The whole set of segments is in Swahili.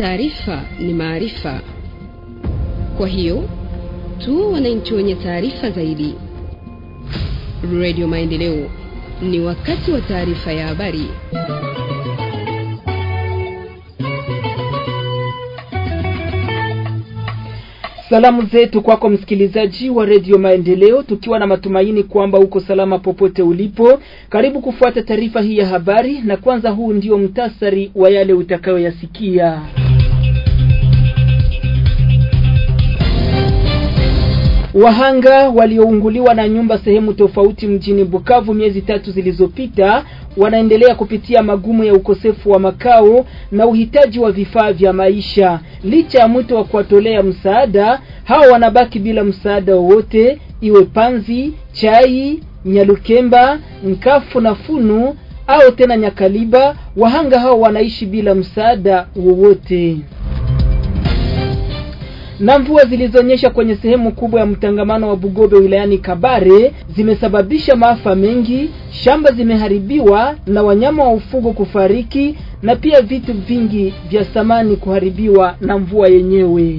Taarifa ni maarifa, kwa hiyo tu wananchi wenye taarifa zaidi. Radio Maendeleo, ni wakati wa taarifa ya habari. Salamu zetu kwako msikilizaji wa redio Maendeleo, tukiwa na matumaini kwamba uko salama popote ulipo. Karibu kufuata taarifa hii ya habari, na kwanza huu ndio mtasari wa yale utakayoyasikia. Wahanga waliounguliwa na nyumba sehemu tofauti mjini Bukavu miezi tatu zilizopita wanaendelea kupitia magumu ya ukosefu wa makao na uhitaji wa vifaa vya maisha. Licha ya mwito wa kuwatolea msaada, hao wanabaki bila msaada wowote, iwe panzi, chai, nyalukemba, nkafu na funu au tena nyakaliba. Wahanga hao wanaishi bila msaada wowote. Na mvua zilizonyesha kwenye sehemu kubwa ya mtangamano wa Bugobe wilayani Kabare zimesababisha maafa mengi, shamba zimeharibiwa na wanyama wa ufugo kufariki na pia vitu vingi vya samani kuharibiwa na mvua yenyewe.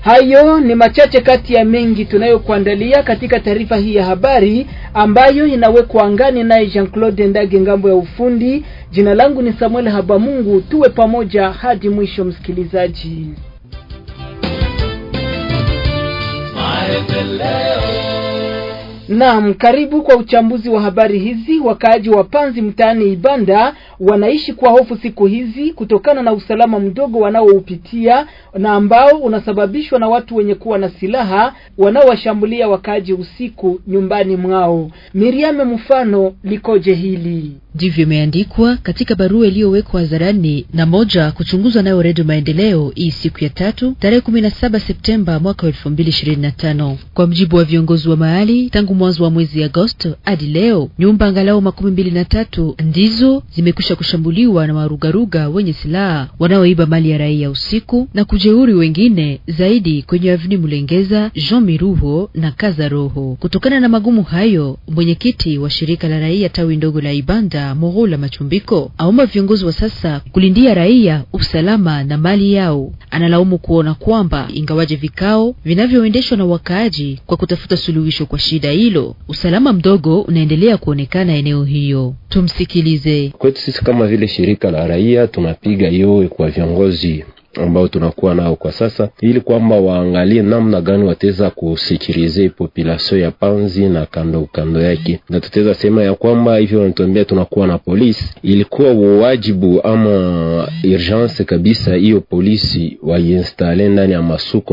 Hayo ni machache kati ya mengi tunayokuandalia katika taarifa hii ya habari ambayo inawekwa angani naye Jean-Claude Ndage ngambo ya ufundi. Jina langu ni Samuel Habamungu, tuwe pamoja hadi mwisho msikilizaji. Naam, karibu kwa uchambuzi wa habari hizi. Wakaaji wa Panzi mtaani Ibanda wanaishi kwa hofu siku hizi kutokana na usalama mdogo wanaoupitia na ambao unasababishwa na watu wenye kuwa na silaha wanaowashambulia wakaaji usiku nyumbani mwao. Miriame, mfano likoje hili? ndivyo imeandikwa katika barua iliyowekwa hadharani na moja kuchunguzwa nayo Redio Maendeleo hii siku ya tatu tarehe 17 Septemba mwaka 2025. Kwa mjibu wa viongozi wa mahali, tangu mwanzo wa mwezi Agosto hadi leo nyumba angalau makumi mbili na tatu ndizo zimekwisha kushambuliwa na warugaruga wenye silaha wanaoiba mali ya raia usiku na kujeuri wengine zaidi kwenye avni Mulengeza, Jean Miruho na Kaza Roho. Kutokana na magumu hayo, mwenyekiti wa shirika la raia tawi ndogo la Ibanda za la Machumbiko aomba viongozi wa sasa kulindia raia usalama na mali yao. Analaumu kuona kwamba ingawaje vikao vinavyoendeshwa na wakaaji kwa kutafuta suluhisho kwa shida hilo, usalama mdogo unaendelea kuonekana eneo hiyo. Tumsikilize. Kwetu sisi kama vile shirika la raia tunapiga yowe kwa viongozi ambao tunakuwa nao kwa sasa, ili kwamba waangalie namna gani wataweza kusikirize population ya Panzi na kando kando yake, na tutaweza sema ya kwamba hivyo wanatuambia tunakuwa na polisi, ilikuwa wajibu ama urgence kabisa hiyo polisi waiinstale ndani ya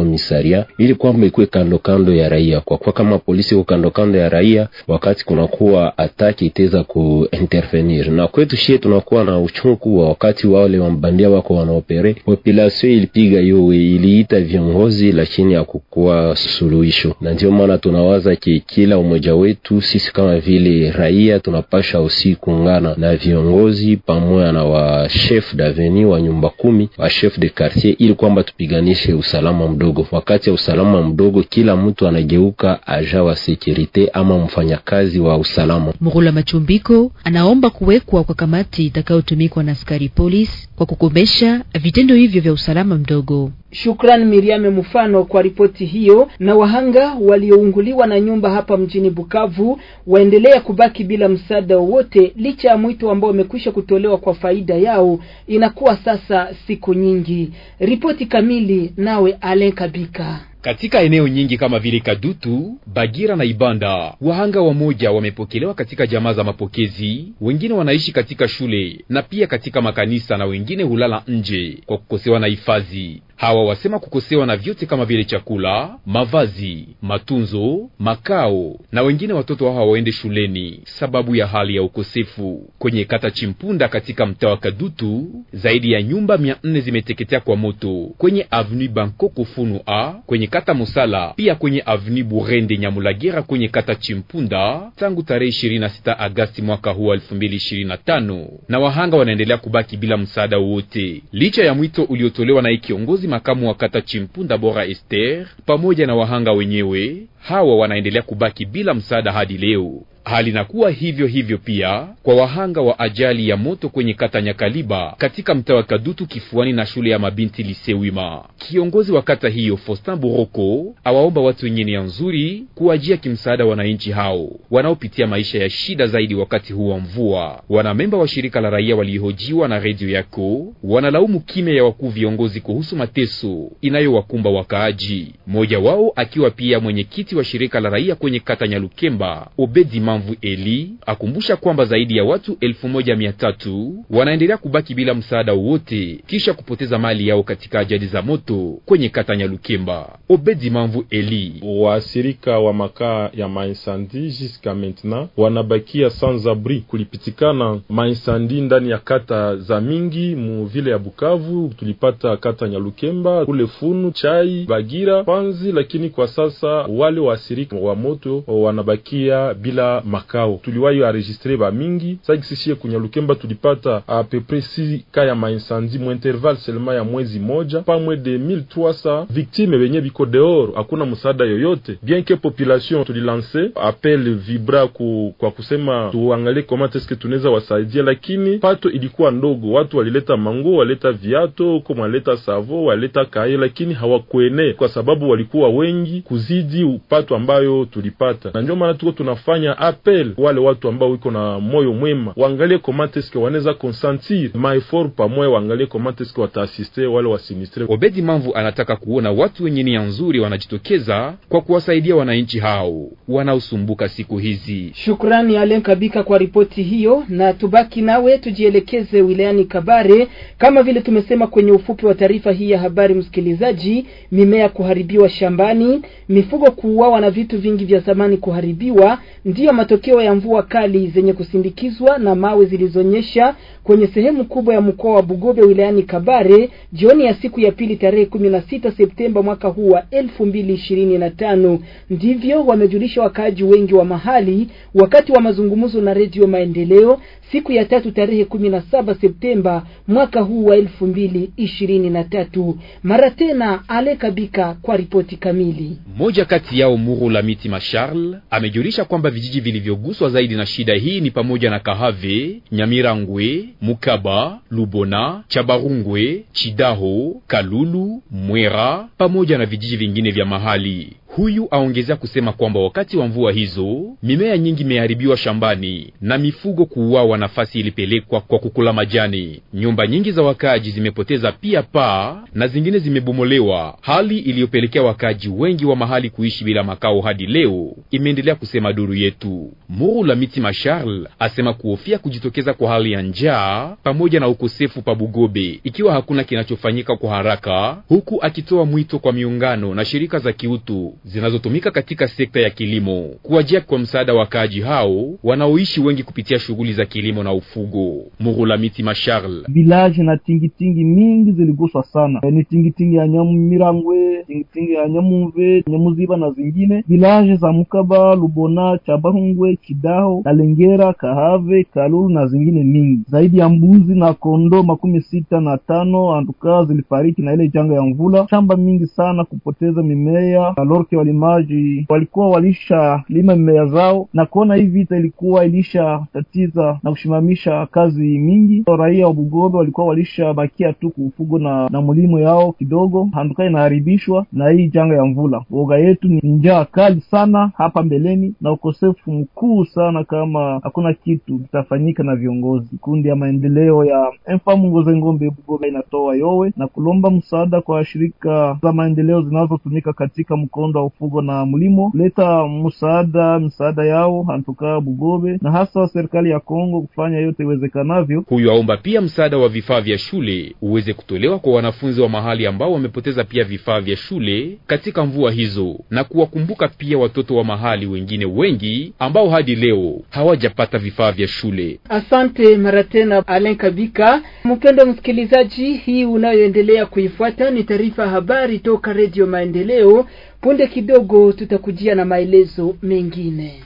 misaria, ili kwamba ikuwe kando kando ya raia, kwa kuwa kama polisi iko kando kando ya raia, wakati kunakuwa ataki itaweza kuintervenir. Na kwetu shie tunakuwa na uchungu wa wakati wale wambandia wako wanaopere populasion population ilipiga yowe, iliita viongozi, lakini hakukuwa suluhisho, na ndio maana tunawaza ki kila umoja wetu sisi kama vile raia tunapasha usi kuungana na viongozi pamoja na wa chef daveni wa nyumba kumi wa chef de quartier, ili kwamba tupiganishe usalama mdogo. Wakati ya usalama mdogo, kila mtu anageuka aja wa sekurite ama mfanyakazi wa usalama. mrula Machumbiko anaomba kuwekwa kwa kamati itakayotumikwa na askari polisi kwa kukomesha vitendo hivyo vya usalama mdogo. Shukran Miriame Mufano kwa ripoti hiyo. Na wahanga waliounguliwa na nyumba hapa mjini Bukavu waendelea kubaki bila msaada wowote licha ya mwito ambao umekwisha kutolewa kwa faida yao, inakuwa sasa siku nyingi. Ripoti kamili nawe Alen Kabika katika eneo nyingi kama vile Kadutu, Bagira na Ibanda. Wahanga wa moja wamepokelewa katika jamaa za mapokezi, wengine wanaishi katika shule na pia katika makanisa, na wengine hulala nje kwa kukosewa na hifadhi. Hawa wasema kukosewa na vyote kama vile chakula, mavazi, matunzo, makao na wengine watoto wao hawaende shuleni sababu ya hali ya ukosefu. Kwenye kata Chimpunda katika mtaa wa Kadutu, zaidi ya nyumba mia nne zimeteketea kwa moto kwenye Avenue Bankoko Funu A kwenye kata Musala, pia kwenye avni Burende Nyamulagira kwenye kata Chimpunda tangu tarehe 26 Agasti mwaka huu 2025, na wahanga wanaendelea kubaki bila msaada wote, licha ya mwito uliotolewa na kiongozi makamu wa kata Chimpunda Bora Esther pamoja na wahanga wenyewe. Hawa wanaendelea kubaki bila msaada hadi leo hali halinakuwa hivyo hivyo pia kwa wahanga wa ajali ya moto kwenye kata Nyakaliba katika mtaa wa Kadutu kifuani na shule ya mabinti Lisewima. Kiongozi wa kata hiyo Faustin buroko awaomba watu wenye nia nzuri kuwajia kimsaada wananchi hao wanaopitia maisha ya shida zaidi wakati huu wa mvua. Wanamemba wa shirika la raia waliohojiwa na redio yako wanalaumu kimya ya wakuu viongozi kuhusu mateso inayowakumba wakaaji, mmoja wao akiwa pia mwenyekiti wa shirika la raia kwenye kata Nyalukemba Obedi Bukavu Eli akumbusha kwamba zaidi ya watu elfu moja mia tatu wanaendelea kubaki bila msaada wowote kisha kupoteza mali yao katika ajali za moto kwenye kata Nyalukemba. Obedi Mamvu Eli: waasirika wa makaa ya mainsandi jiska maintenant wanabakia sans abri kulipitikana mainsandi ndani ya kata za mingi mu vile ya Bukavu. Tulipata kata Nyalukemba kule Funu, Chai, Bagira, Panzi, lakini kwa sasa wale waasirika wa moto wanabakia bila makao. Tuliwayo aregistre ba mingi sagisishie kunya Lukemba, tulipata apepre si ka ya mu interval selema ya mwezi moja pamwe de 1300 victime benye biko deoro, hakuna msaada yoyote bienke population. Tulilanse appel vibra ku, kwa kusema tuangalie kama teske tunaweza wasaidia, lakini pato ilikuwa ndogo. Watu walileta mango, walileta viato kama waleta savo, walileta kaye, lakini hawakuene kwa sababu walikuwa wengi kuzidi upato ambayo tulipata, na ndio maana tuko tunafanya apel appel wale watu ambao wiko na moyo mwema waangalie comment eske wanaweza consentir maefort pamoya, waangalie comment eske wataasiste wale wasinistre. Obedi Mamvu anataka kuona watu wenye nia nzuri wanajitokeza kwa kuwasaidia wananchi hao wanaosumbuka siku hizi. Shukrani Alen Kabika kwa ripoti hiyo, na tubaki nawe tujielekeze wilayani Kabare. Kama vile tumesema kwenye ufupi wa taarifa hii ya habari, msikilizaji, mimea kuharibiwa shambani, mifugo kuuawa na vitu vingi vya zamani kuharibiwa, ndiyo matokeo ya mvua kali zenye kusindikizwa na mawe zilizonyesha kwenye sehemu kubwa ya mkoa wa Bugobe wilayani Kabare jioni ya siku ya pili tarehe 16 Septemba mwaka huu wa 2025. Ndivyo wamejulisha wakaaji wengi wa mahali wakati wa mazungumzo na Redio Maendeleo siku ya tatu tarehe 17 Septemba mwaka huu wa 2023. Mara tena alekabika kwa ripoti kamili. Moja kati yao Muru la Mitima Charles amejulisha kwamba vijiji vilivyoguswa zaidi na shida hii ni pamoja na Kahave, Nyamirangwe, Mukaba, Lubona, Chabarungwe, Chidaho, Kalulu, Mwera pamoja na vijiji vingine vya mahali. Huyu aongezea kusema kwamba wakati wa mvua hizo mimea nyingi imeharibiwa shambani na mifugo kuuawa, nafasi ilipelekwa kwa kukula majani. Nyumba nyingi za wakaaji zimepoteza pia paa na zingine zimebomolewa, hali iliyopelekea wakaaji wengi wa mahali kuishi bila makao hadi leo, imeendelea kusema duru yetu. Muru la miti Mashal asema kuhofia kujitokeza kwa hali ya njaa pamoja na ukosefu pa Bugobe ikiwa hakuna kinachofanyika kwa haraka, huku akitoa mwito kwa miungano na shirika za kiutu zinazotumika katika sekta ya kilimo kuwajia kwa msaada wa kaji hao wanaoishi wengi kupitia shughuli za kilimo na ufugo. Murulamiti Masharl vilaje na tingitingi mingi ziliguswa sana, eh, ni tingitingi ya Nyamirangwe, tingitingi ya Nyamumve, Nyamuziba na zingine vilaje za Mukaba, Lubona, Chabahungwe, Kidaho, Kalengera, Kahave, Kalulu na zingine mingi zaidi ya mbuzi na kondoo makumi sita na tano anduka zilifariki na ile janga ya mvula, shamba mingi sana kupoteza mimea alorke walimaji walikuwa walishalima mimea zao, na kuona hii vita ilikuwa ilishatatiza na kushimamisha kazi mingi. Raia wa Bugobe walikuwa walishabakia tu kufugo na, na mulimo yao kidogo, handuka inaharibishwa na hii janga ya mvula. Woga yetu ni njaa kali sana hapa mbeleni na ukosefu mkuu sana, kama hakuna kitu kitafanyika na viongozi. Kundi ya maendeleo ya Mfamu Ngoze Ngombe Bugobe inatoa yowe na kulomba msaada kwa shirika za maendeleo zinazotumika katika mkondo wanaofungwa na mlimo, leta msaada msaada yao hantuka Bugobe na hasa serikali ya Kongo kufanya yote iwezekanavyo. Huyu aomba pia msaada wa vifaa vya shule uweze kutolewa kwa wanafunzi wa mahali ambao wamepoteza pia vifaa vya shule katika mvua hizo, na kuwakumbuka pia watoto wa mahali wengine wengi ambao hadi leo hawajapata vifaa vya shule. Asante mara tena, Alen Kabika. Mpendo msikilizaji, hii unayoendelea kuifuata ni taarifa habari toka Redio Maendeleo. Punde kidogo tutakujia na maelezo mengine.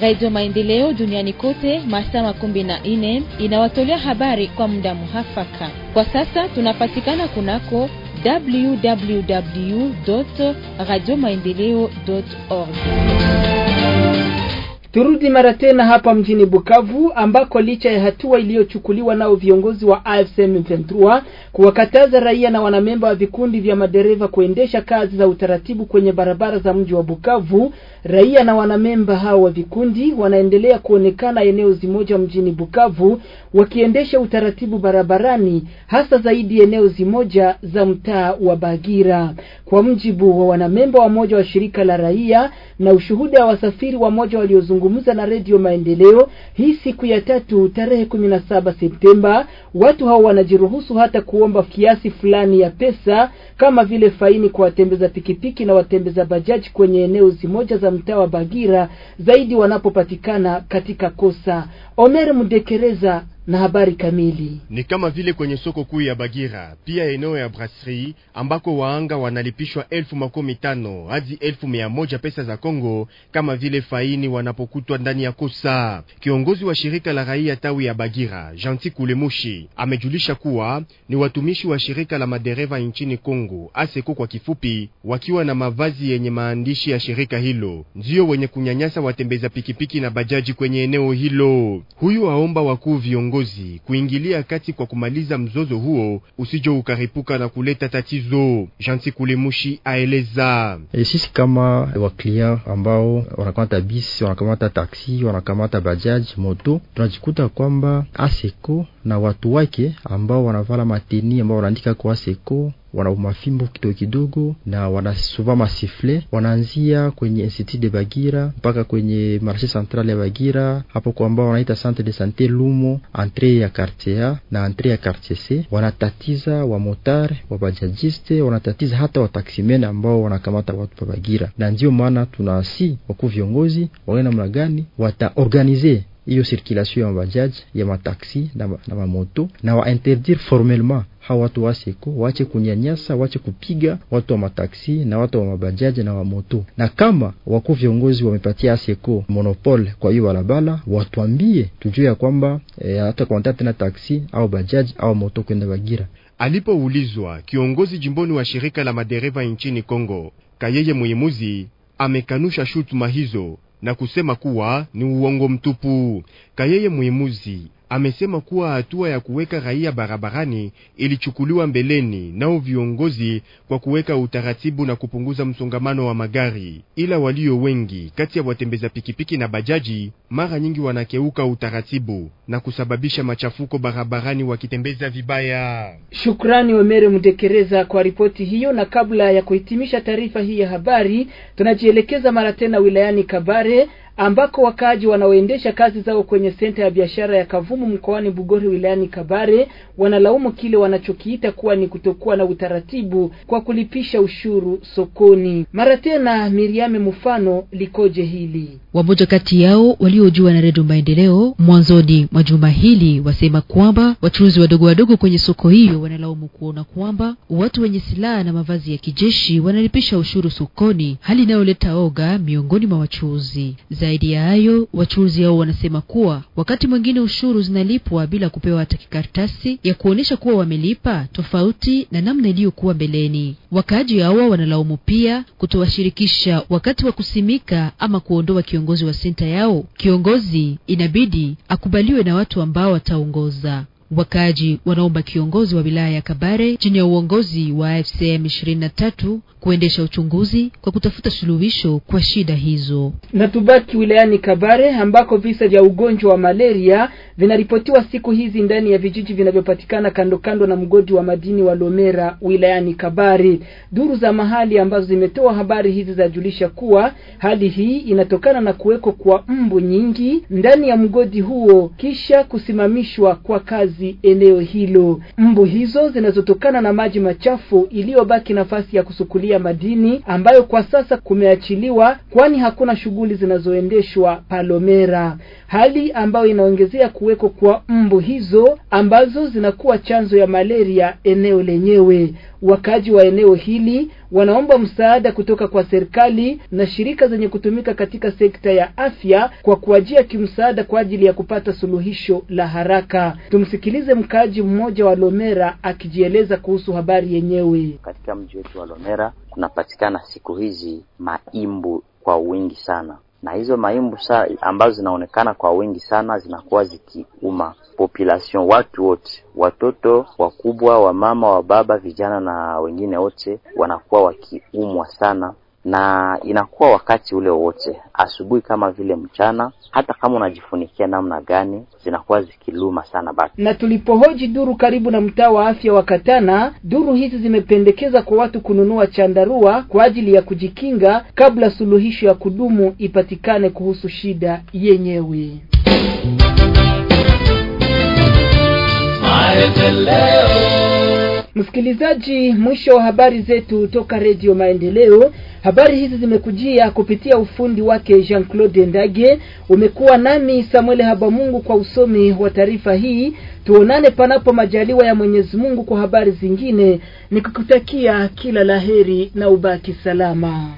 Radio Maendeleo duniani kote masaa makumi na nne inawatolea habari kwa muda muhafaka. Kwa sasa tunapatikana kunako www radio maendeleo org Turudi mara tena hapa mjini Bukavu ambako licha ya hatua iliyochukuliwa nao viongozi wa AFC M23 kuwakataza raia na wanamemba wa vikundi vya madereva kuendesha kazi za utaratibu kwenye barabara za mji wa Bukavu, raia na wanamemba hao wa vikundi wanaendelea kuonekana eneo zimoja mjini Bukavu wakiendesha utaratibu barabarani, hasa zaidi eneo zimoja za mtaa wa Bagira. Kwa mjibu wa wanamemba wa moja wa shirika la raia na ushuhuda wa wasafiri wa moja waliozungumza akizungumza na Redio Maendeleo hii siku ya tatu tarehe 17 Septemba, watu hao wanajiruhusu hata kuomba kiasi fulani ya pesa kama vile faini kwa watembeza pikipiki na watembeza bajaji kwenye eneo zimoja za mtaa wa Bagira, zaidi wanapopatikana katika kosa. Omer Mdekereza na habari kamili ni kama vile kwenye soko kuu ya Bagira pia eneo ya Brasserie ambako waanga wanalipishwa elfu makumi tano hadi elfu mia moja pesa za Kongo kama vile faini wanapokutwa ndani ya kosa. Kiongozi wa shirika la raia tawi ya Bagira Janti Kulemushi amejulisha kuwa ni watumishi wa shirika la madereva nchini Kongo ASECO kwa kifupi, wakiwa na mavazi yenye maandishi ya shirika hilo ndiyo wenye kunyanyasa watembeza pikipiki na bajaji kwenye eneo hilo. Huyu aomba wakuu viongozi viongozi kuingilia kati kwa kumaliza mzozo huo usijo ukaripuka na kuleta tatizo. Jansi Kulemushi aeleza e, sisi kama waklia ambao wanakamata bisi, wanakamata taksi, wanakamata bajaj moto, tunajikuta kwamba aseko na watu wake ambao wanavala mateni ambao wanaandika kwa aseko wanauma fimbo kidogo kidogo na wanasuva masifle, wanaanzia kwenye Institut de Bagira mpaka kwenye Marche centrale ya Bagira, hapo kwa ambao wanaita Centre de Sante Lumo, entre ya quartier A na entre ya quartier C. Wanatatiza wa bajajiste wanatatiza hata wa taximen ambao wanakamata watu pa Bagira, na ndio maana tunasi wakuu viongozi waone namna gani wataorganize hiyo circulation ya mabajaji ya mataksi na, na mamoto na wainterdire formellement hawa watu waseko wache kunyanyasa, wache kupiga watu wa mataksi na watu wa mabajaji na wamoto. Na kama wako viongozi wamepatia aseko monopole kwa hiyo barabara, watwambie tujue ya kwamba e, hata kuandaa tena taksi au bajaji au moto kwenda Bagira. Alipoulizwa kiongozi jimboni wa shirika la madereva nchini Kongo, Kayeye Mwimuzi amekanusha shutuma hizo na kusema kuwa ni uongo mtupu. Kayeye Muimuzi amesema kuwa hatua ya kuweka raia barabarani ilichukuliwa mbeleni nao viongozi kwa kuweka utaratibu na kupunguza msongamano wa magari, ila walio wengi kati ya watembeza pikipiki na bajaji mara nyingi wanakeuka utaratibu na kusababisha machafuko barabarani wakitembeza vibaya. Shukrani Omere Mtekereza kwa ripoti hiyo, na kabla ya kuhitimisha taarifa hii ya habari, tunajielekeza mara tena wilayani Kabare ambako wakaaji wanaoendesha kazi zao kwenye senta ya biashara ya Kavumu mkoani Bugori wilayani Kabare wanalaumu kile wanachokiita kuwa ni kutokuwa na utaratibu kwa kulipisha ushuru sokoni. Mara tena Miriame mfano likoje hili. Wamoja kati yao waliojua na Redio Maendeleo mwanzoni mwa juma hili wasema kwamba wachuuzi wadogo wadogo kwenye soko hiyo wanalaumu kuona kwamba watu wenye silaha na mavazi ya kijeshi wanalipisha ushuru sokoni, hali inayoleta oga miongoni mwa wachuuzi. Zaidi ya hayo, wachuuzi hao wanasema kuwa wakati mwingine ushuru zinalipwa bila kupewa hata kikaratasi ya kuonyesha kuwa wamelipa, tofauti na namna iliyokuwa mbeleni. Wakaaji hawa wanalaumu pia kutowashirikisha wakati wa kusimika ama kuondoa kiongozi wa senta yao. Kiongozi inabidi akubaliwe na watu ambao wataongoza. Wakaaji wanaomba kiongozi wa wilaya ya Kabare chini ya uongozi wa FCM tatu kuendesha uchunguzi kwa kutafuta suluhisho kwa shida hizo. Na tubaki wilayani Kabare ambako visa vya ugonjwa wa malaria vinaripotiwa siku hizi ndani ya vijiji vinavyopatikana kando kando na mgodi wa madini wa Lomera wilayani Kabare. Duru za mahali ambazo zimetoa habari hizi zajulisha kuwa hali hii inatokana na kuweko kwa mbu nyingi ndani ya mgodi huo kisha kusimamishwa kwa kazi wakazi eneo hilo. Mbu hizo zinazotokana na maji machafu iliyobaki nafasi ya kusukulia madini ambayo kwa sasa kumeachiliwa, kwani hakuna shughuli zinazoendeshwa Palomera, hali ambayo inaongezea kuweko kwa mbu hizo ambazo zinakuwa chanzo ya malaria eneo lenyewe. Wakaji wa eneo hili wanaomba msaada kutoka kwa serikali na shirika zenye kutumika katika sekta ya afya kwa kuajia kimsaada kwa ajili ya kupata suluhisho la haraka. Tumsikilize mkaaji mmoja wa Lomera akijieleza kuhusu habari yenyewe. Katika mji wetu wa Lomera kunapatikana siku hizi maimbu kwa wingi sana na hizo maimbusa ambazo zinaonekana kwa wingi sana zinakuwa zikiuma population, watu wote, watoto wakubwa, wamama, wababa, vijana na wengine wote wanakuwa wakiumwa sana na inakuwa wakati ule wote, asubuhi kama vile mchana, hata kama unajifunikia namna gani, zinakuwa zikiluma sana bado. Na tulipohoji duru karibu na mtaa wa afya wa Katana, duru hizi zimependekeza kwa watu kununua chandarua kwa ajili ya kujikinga kabla suluhisho ya kudumu ipatikane kuhusu shida yenyewe. Msikilizaji, mwisho wa habari zetu toka Redio Maendeleo. Habari hizi zimekujia kupitia ufundi wake Jean Claude Ndage. Umekuwa nami Samuel Habamungu kwa usomi wa taarifa hii. Tuonane panapo majaliwa ya Mwenyezi Mungu kwa habari zingine, nikikutakia kila laheri na ubaki salama.